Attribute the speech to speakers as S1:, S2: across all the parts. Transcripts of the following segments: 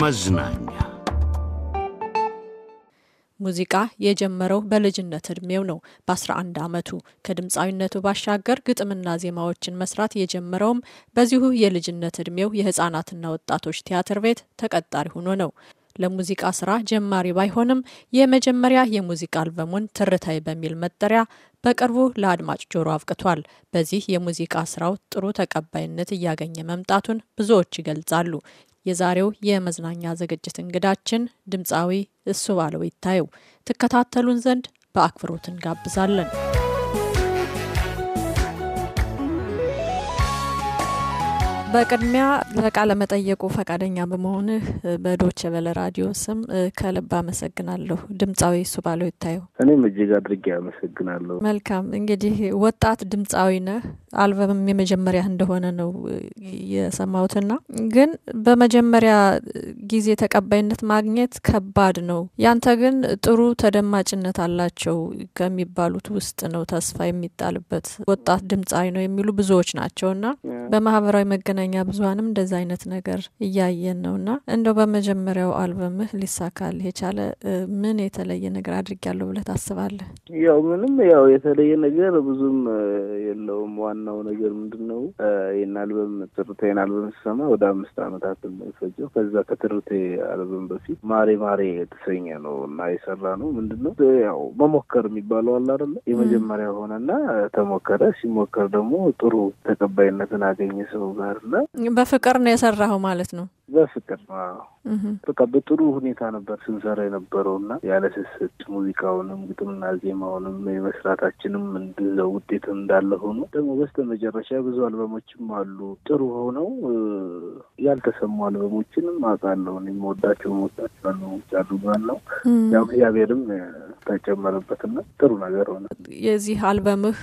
S1: መዝናኛ
S2: ሙዚቃ የጀመረው በልጅነት እድሜው ነው። በ11 ዓመቱ ከድምፃዊነቱ ባሻገር ግጥምና ዜማዎችን መስራት የጀመረውም በዚሁ የልጅነት እድሜው የህፃናትና ወጣቶች ቲያትር ቤት ተቀጣሪ ሆኖ ነው። ለሙዚቃ ስራ ጀማሪ ባይሆንም የመጀመሪያ የሙዚቃ አልበሙን ትርታይ በሚል መጠሪያ በቅርቡ ለአድማጭ ጆሮ አብቅቷል። በዚህ የሙዚቃ ስራው ጥሩ ተቀባይነት እያገኘ መምጣቱን ብዙዎች ይገልጻሉ። የዛሬው የመዝናኛ ዝግጅት እንግዳችን ድምፃዊ እሱ ባለው ይታየው ትከታተሉን ዘንድ በአክብሮት እንጋብዛለን። በቅድሚያ ለቃለ መጠየቁ ፈቃደኛ በመሆንህ በዶቼ ቬለ ራዲዮ ስም ከልብ አመሰግናለሁ። ድምፃዊ እሱ ባለው ይታየው።
S1: እኔም እጅግ አድርጌ አመሰግናለሁ።
S2: መልካም እንግዲህ ወጣት ድምፃዊ ነህ። አልበምም የመጀመሪያ እንደሆነ ነው የሰማሁትና ግን በመጀመሪያ ጊዜ ተቀባይነት ማግኘት ከባድ ነው። ያንተ ግን ጥሩ ተደማጭነት አላቸው ከሚባሉት ውስጥ ነው ተስፋ የሚጣልበት ወጣት ድምፃዊ ነው የሚሉ ብዙዎች ናቸውና በማህበራዊ መገናኛ መገናኛ ብዙሀንም እንደዛ አይነት ነገር እያየን ነው እና እንደው በመጀመሪያው አልበምህ ሊሳካልህ የቻለ ምን የተለየ ነገር አድርጊያለሁ ብለህ ታስባለህ?
S1: ያው ምንም ያው የተለየ ነገር ብዙም የለውም። ዋናው ነገር ምንድን ነው ይህን አልበም ትርቴን አልበም ስሰማ ወደ አምስት አመታት ፈጀው። ከዛ ከትርቴ አልበም በፊት ማሬ ማሬ የተሰኘ ነው እና የሰራ ነው ምንድን ነው ያው መሞከር የሚባለው አለ አይደለ? የመጀመሪያ ሆነና ተሞከረ። ሲሞከር ደግሞ ጥሩ ተቀባይነትን አገኘ ሰው ጋር አለ።
S2: በፍቅር ነው የሰራኸው ማለት ነው?
S1: በፍቅር ነው። በቃ በጥሩ ሁኔታ ነበር ስንሰራ የነበረው እና ያለ ስስት ሙዚቃውንም ግጥምና ዜማውንም የመስራታችንም እንደዚያው ውጤት እንዳለ ሆኖ ደግሞ በስተ መጨረሻ ብዙ አልበሞችም አሉ ጥሩ ሆነው ያልተሰሙ አልበሞችንም አውቃለሁ። እኔም መወዳቸው ወዳቸው አልበሞች አሉ ነው ያው እግዚአብሔርም ተጨመረበትና ጥሩ ነገር ሆነ።
S2: የዚህ አልበምህ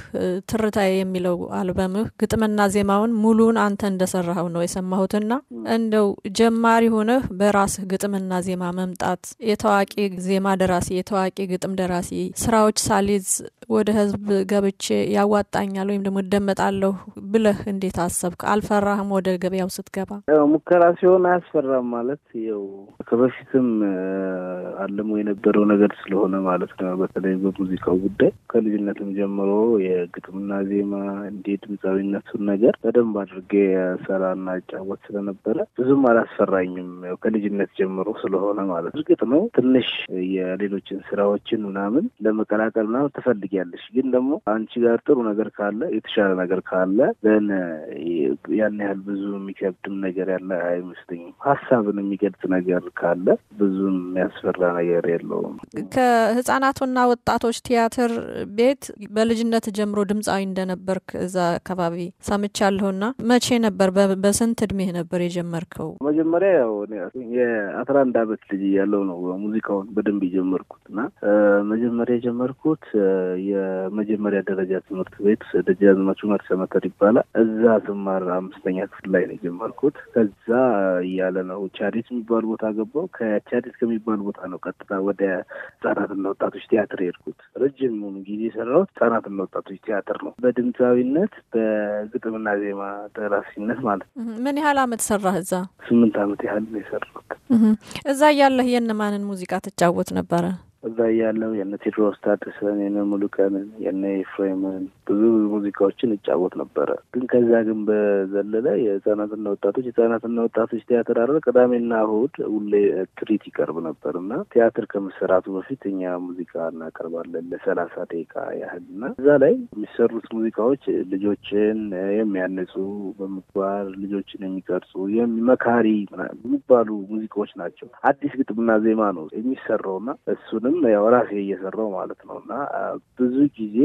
S2: ትርታዬ የሚለው አልበምህ ግጥምና ዜማውን ሙሉን አንተ እንደሰራኸው ነው የሰማሁትና እንደው ጀማሪ ሆነህ በራስህ ግጥምና ዜማ መምጣት የታዋቂ ዜማ ደራሲ የታዋቂ ግጥም ደራሲ ስራዎች ሳሊዝ ወደ ህዝብ ገብቼ ያዋጣኛል ወይም ደግሞ እደመጣለሁ ብለህ እንዴት አሰብክ? አልፈራህም? ወደ ገበያው ስትገባ
S1: ሙከራ ሲሆን አያስፈራም ማለት ያው ከበፊትም አልሞ የነበረው ነገር ስለሆነ ማለት እስከ በተለይ በሙዚቃው ጉዳይ ከልጅነትም ጀምሮ የግጥምና ዜማ እንዲ ድምፃዊነቱን ነገር በደንብ አድርጌ ሰራና እጫወት ስለነበረ ብዙም አላስፈራኝም። ከልጅነት ጀምሮ ስለሆነ ማለት እርግጥ ነው ትንሽ የሌሎችን ስራዎችን ምናምን ለመቀላቀል ምናምን ትፈልጊያለሽ። ግን ደግሞ አንቺ ጋር ጥሩ ነገር ካለ የተሻለ ነገር ካለ ለን ያን ያህል ብዙ የሚከብድም ነገር ያለ አይመስለኝም። ሀሳብን የሚገልጽ ነገር ካለ ብዙም የሚያስፈራ ነገር የለውም።
S2: ከህጻ የህጻናቱና ወጣቶች ቲያትር ቤት በልጅነት ጀምሮ ድምፃዊ እንደነበርክ እዛ አካባቢ ሰምቻለሁና መቼ ነበር በስንት እድሜህ ነበር የጀመርከው?
S1: መጀመሪያ ያው የአስራ አንድ አመት ልጅ እያለሁ ነው ሙዚቃውን በደንብ የጀመርኩት እና መጀመሪያ የጀመርኩት የመጀመሪያ ደረጃ ትምህርት ቤት ደጃዝማች ዑመር ሰመተር ይባላል። እዛ ስማር አምስተኛ ክፍል ላይ ነው የጀመርኩት። ከዛ እያለ ነው ቻዲስ የሚባል ቦታ ገባው። ከቻዲስ ከሚባል ቦታ ነው ቀጥታ ወደ ህጻናት ወጣ ወጣቶች ቲያትር የሄድኩት ረጅሙን ጊዜ የሰራሁት ህጻናትና ወጣቶች ቲያትር ነው። በድምፃዊነት በግጥምና ዜማ ደራሲነት ማለት
S2: ነው። ምን ያህል አመት ሰራህ እዛ?
S1: ስምንት አመት ያህል ነው የሰራሁት።
S2: እዛ እያለህ የእነማንን ሙዚቃ ትጫወት ነበረ?
S1: እዛ እያለሁ የነ ቴዎድሮስ ታደሰን የነ ሙሉቀንን የነ ኤፍሬምን ብዙ ሙዚቃዎችን እጫወት ነበረ። ግን ከዛ ግን በዘለለ የህጻናትና ወጣቶች የህጻናትና ወጣቶች ቲያትር አለ ቅዳሜና እሁድ ሁሌ ትርኢት ይቀርብ ነበር እና ቲያትር ከመሰራቱ በፊት እኛ ሙዚቃ እናቀርባለን ለሰላሳ ደቂቃ ያህል እና እዛ ላይ የሚሰሩት ሙዚቃዎች ልጆችን የሚያንጹ በምግባር ልጆችን የሚቀርጹ መካሪ የሚባሉ ሙዚቃዎች ናቸው። አዲስ ግጥምና ዜማ ነው የሚሰራውና እሱን እሱንም ያው ራሴ እየሰራው ማለት ነው እና ብዙ ጊዜ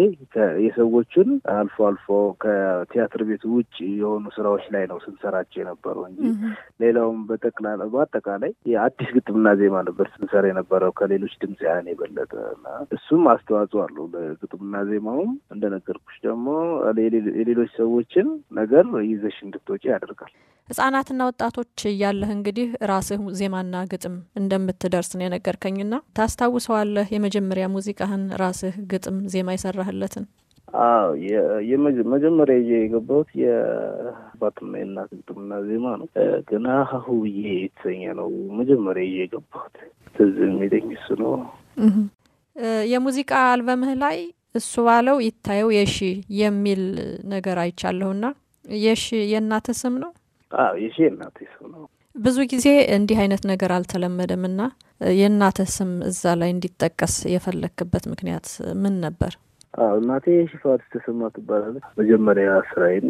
S1: የሰዎችን አልፎ አልፎ ከቲያትር ቤት ውጭ የሆኑ ስራዎች ላይ ነው ስንሰራቸው የነበረው እንጂ ሌላውም በጠቅላላ በአጠቃላይ የአዲስ ግጥምና ዜማ ነበር ስንሰራ የነበረው ከሌሎች ድምፃያን የበለጠ እና እሱም አስተዋጽኦ አለው ለግጥምና ዜማውም እንደነገርኩች ደግሞ የሌሎች ሰዎችን ነገር ይዘሽ እንድትወጪ ያደርጋል።
S2: ህጻናትና ወጣቶች እያለህ እንግዲህ ራስህ ዜማና ግጥም እንደምትደርስ ነው የነገርከኝና ታስታውሰ ታስታውሰዋለህ? የመጀመሪያ ሙዚቃህን ራስህ ግጥም ዜማ የሰራህለትን?
S1: አዎ የመጀመሪያ ይዤ የገባሁት የአባትና የእናት ግጥምና ዜማ ነው። ገና ሀሁ ብዬ የተሰኘ ነው መጀመሪያ ይዤ የገባሁት። ትዝ የሚለኝ እሱ ነው።
S2: የሙዚቃ አልበምህ ላይ እሱ ባለው ይታየው የሺ የሚል ነገር አይቻለሁና የሺ የእናትህ ስም ነው? አዎ የሺ የእናቴ ስም ነው። ብዙ ጊዜ እንዲህ አይነት ነገር አልተለመደም እና የእናተ ስም እዛ ላይ እንዲጠቀስ የፈለክበት ምክንያት ምን ነበር?
S1: እናቴ ሽፋት ተሰማ ትባላለች። መጀመሪያ ስራዬን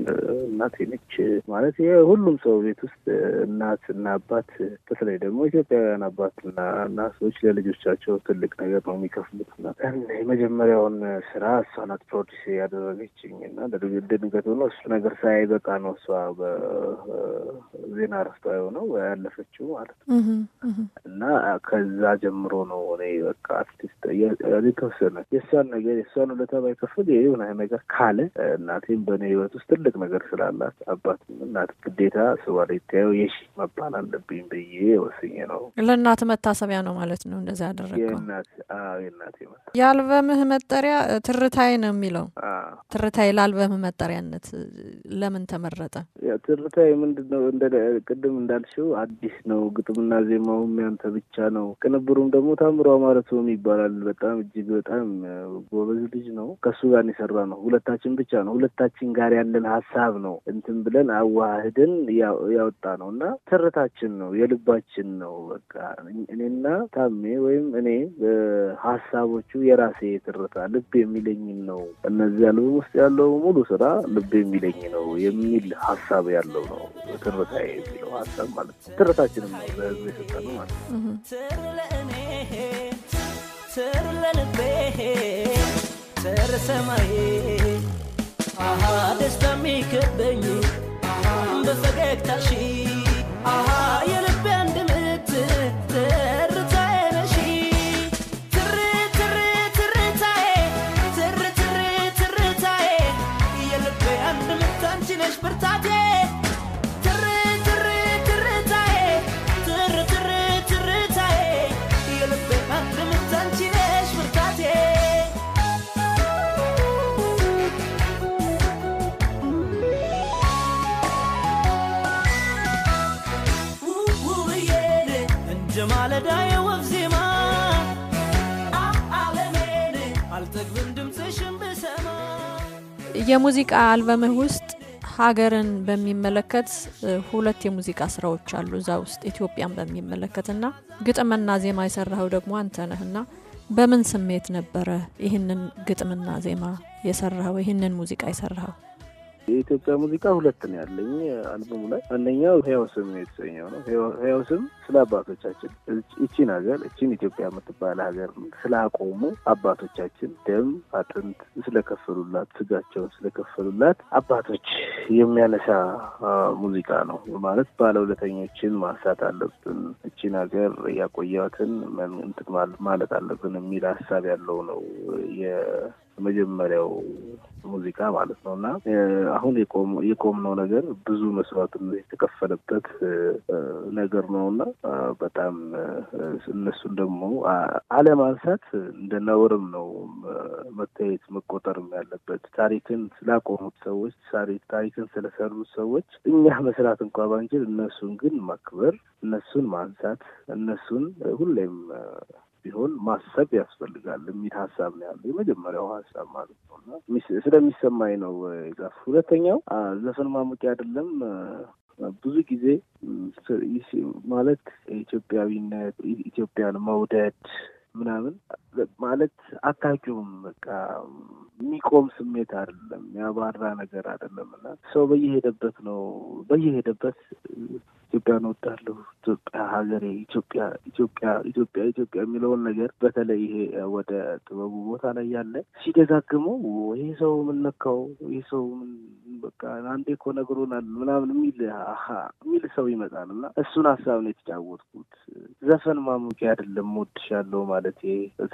S1: እናቴ ነች። ማለት ሁሉም ሰው ቤት ውስጥ እናት እና አባት፣ በተለይ ደግሞ ኢትዮጵያውያን አባት እና እናቶች ለልጆቻቸው ትልቅ ነገር ነው የሚከፍሉት። እና የመጀመሪያውን ስራ እሷ ናት ፕሮዲስ ያደረገችኝ እና ድንገት ሆኖ እሱ ነገር ሳይበቃ ነው እሷ በዜና ረፍቷ የሆነው ያለፈችው ማለት ነው። እና ከዛ ጀምሮ ነው እኔ በቃ አርቲስት የተወሰነ የእሷን ነገር የእሷን ሁለት በአደባባይ ክፍል የሆነ ነገር ካለ እናቴም በእኔ ህይወት ውስጥ ትልቅ ነገር ስላላት አባት እናት ግዴታ ስዋል ይታየው የሺ መባል አለብኝ ብዬ ወስኜ ነው።
S2: ለእናት መታሰቢያ ነው ማለት ነው እንደዛ ያደረገው። የእናቴ የአልበምህ መጠሪያ ትርታይ ነው የሚለው ትርታይ ለአልበምህ መጠሪያነት ለምን ተመረጠ?
S1: ትርታይ ምንድን ነው? እንደ ቅድም እንዳልሽው አዲስ ነው። ግጥምና ዜማውም ያንተ ብቻ ነው። ቅንብሩም ደግሞ ታምሯ ማለት ነው ይባላል። በጣም እጅግ በጣም ጎበዝ ልጅ ነው። ነው። ከእሱ ጋር የሰራ ነው። ሁለታችን ብቻ ነው። ሁለታችን ጋር ያለን ሀሳብ ነው እንትን ብለን አዋህድን ያወጣ ነው እና ተረታችን ነው የልባችን ነው። በቃ እኔና ታሜ ወይም እኔ በሀሳቦቹ የራሴ ትርታ ልብ የሚለኝን ነው። እነዚህ አልበም ውስጥ ያለው ሙሉ ስራ ልብ የሚለኝ ነው የሚል ሀሳብ ያለው ነው። ትርታ የሚለው ሀሳብ ማለት ነው። ትርታችንም ነው ለህዝብ የሰጠ ነው ማለት
S2: ነው። ስር ሰማዬ አሃ ደስታ የሚከበኝ በፈገግታሽ የሙዚቃ አልበምህ ውስጥ ሀገርን በሚመለከት ሁለት የሙዚቃ ስራዎች አሉ እዛ ውስጥ ኢትዮጵያን በሚመለከት እና ግጥምና ዜማ የሰራኸው ደግሞ አንተ ነህ እና በምን ስሜት ነበረ ይህንን ግጥምና ዜማ የሰራኸው ይህንን ሙዚቃ የሰራኸው?
S1: የኢትዮጵያ ሙዚቃ ሁለት ነው ያለኝ አልበሙ ላይ። አንደኛው ህያው ስም የተሰኘው ነው። ህያው ስም ስለ አባቶቻችን እቺን ሀገር እቺን ኢትዮጵያ የምትባል ሀገር ስላቆሙ አባቶቻችን ደም አጥንት ስለከፈሉላት፣ ስጋቸውን ስለከፈሉላት አባቶች የሚያነሳ ሙዚቃ ነው ማለት ባለውለተኞችን ማንሳት አለብን፣ እቺን ሀገር ያቆያትን ማለት አለብን የሚል ሀሳብ ያለው ነው። መጀመሪያው ሙዚቃ ማለት ነው እና አሁን የቆምነው ነገር ብዙ መስዋዕት የተከፈለበት ነገር ነው እና በጣም እነሱን ደግሞ አለማንሳት እንደ ነውርም ነው መታየት መቆጠርም ያለበት። ታሪክን ስላቆሙት ሰዎች፣ ታሪክን ስለሰሩት ሰዎች እኛ መስራት እንኳ ባንችል እነሱን ግን ማክበር፣ እነሱን ማንሳት፣ እነሱን ሁሌም ቢሆን ማሰብ ያስፈልጋል የሚል ሀሳብ ነው ያለው። የመጀመሪያው ሀሳብ ማለት ነው እና ስለሚሰማኝ ነው የጻፍ ሁለተኛው ዘፈን ማሞቂያ አይደለም። ብዙ ጊዜ ማለት ኢትዮጵያዊነት፣ ኢትዮጵያን መውደድ ምናምን ማለት አታውቂውም። በቃ የሚቆም ስሜት አይደለም፣ ያባራ ነገር አይደለም። እና ሰው በየሄደበት ነው በየሄደበት ኢትዮጵያን ወዳለሁ፣ ኢትዮጵያ ሀገሬ፣ ኢትዮጵያ ኢትዮጵያ ኢትዮጵያ ኢትዮጵያ የሚለውን ነገር በተለይ ይሄ ወደ ጥበቡ ቦታ ላይ ያለ ሲደጋግመው ይህ ሰው የምነካው ይህ ሰው ምን በቃ አንዴ እኮ ነግሮናል ምናምን የሚል የሚል ሰው ይመጣል እና እሱን ሀሳብ ነው የተጫወትኩት። ዘፈን ማሙቂ አይደለም ያለው ማለት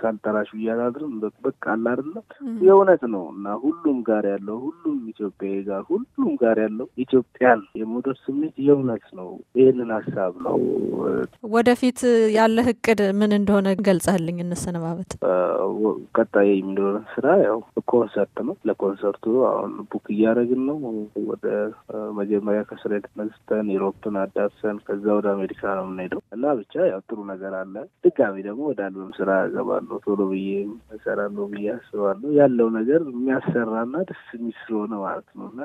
S1: ሳልጠራሽ እያላድርም በቃ አለ የእውነት ነው እና ሁሉም ጋር ያለው ሁሉም ኢትዮጵያዊ ጋር ሁሉም ጋር ያለው ኢትዮጵያን የሞደር ስሜት የእውነት ነው። ይህንን ሀሳብ ነው
S2: ወደፊት ያለህ እቅድ ምን እንደሆነ ገልጸህልኝ እንሰነባበት።
S1: ቀጣይ የሚኖረን ስራ ያው ኮንሰርት ነው። ለኮንሰርቱ አሁን ቡክ እያደረግን ነው። ወደ መጀመሪያ ከስሬት ነስተን ዩሮፕን አዳርሰን ከዛ ወደ አሜሪካ ነው የምንሄደው እና ብቻ ያው ጥሩ ነገር አለ። ድጋሚ ደግሞ ወደ አልበም ስራ እገባለሁ ቶሎ ብዬ እሰራለሁ ብዬ አስባለሁ። ያለው ነገር የሚያሰራና ደስ የሚል ስለሆነ ማለት ነው እና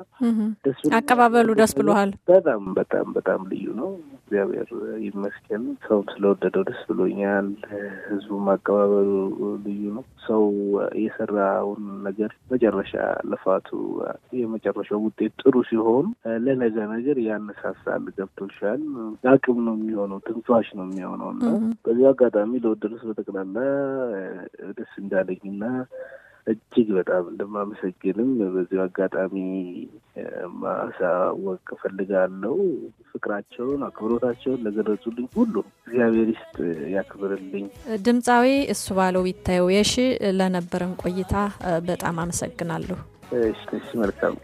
S1: ደስ አቀባበሉ ደስ ብሎሃል። በጣም በጣም በጣም ልዩ ነው። እግዚአብሔር ይመስገን። ሰውም ስለወደደው ደስ ብሎኛል። ህዝቡም አቀባበሉ ልዩ ነው። ሰው የሰራውን ነገር መጨረሻ ልፋቱ የመጨረሻው ውጤት ጥሩ ሲሆን ለነገ ነገር ያነሳሳል። ገብቶሻል። አቅም ነው የሚሆነው፣ ትንፋሽ ነው የሚሆነው እና በዚህ አጋጣሚ ለወደዱት በጠቅላላ ደስ እንዳለኝና እጅግ በጣም እንደማመሰግንም በዚሁ አጋጣሚ ማሳወቅ እፈልጋለሁ። ፍቅራቸውን፣ አክብሮታቸውን ለገለጹልኝ ሁሉ እግዚአብሔር ይስጥ ያክብርልኝ።
S2: ድምፃዊ እሱ ባለው ይታየው የሺ ለነበረን ቆይታ በጣም አመሰግናለሁ።
S1: እሺ መልካም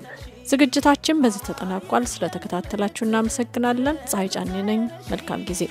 S2: ዝግጅታችን በዚህ ተጠናቋል። ስለተከታተላችሁ እናመሰግናለን። ፀሐይ ጫኔ ነኝ። መልካም ጊዜ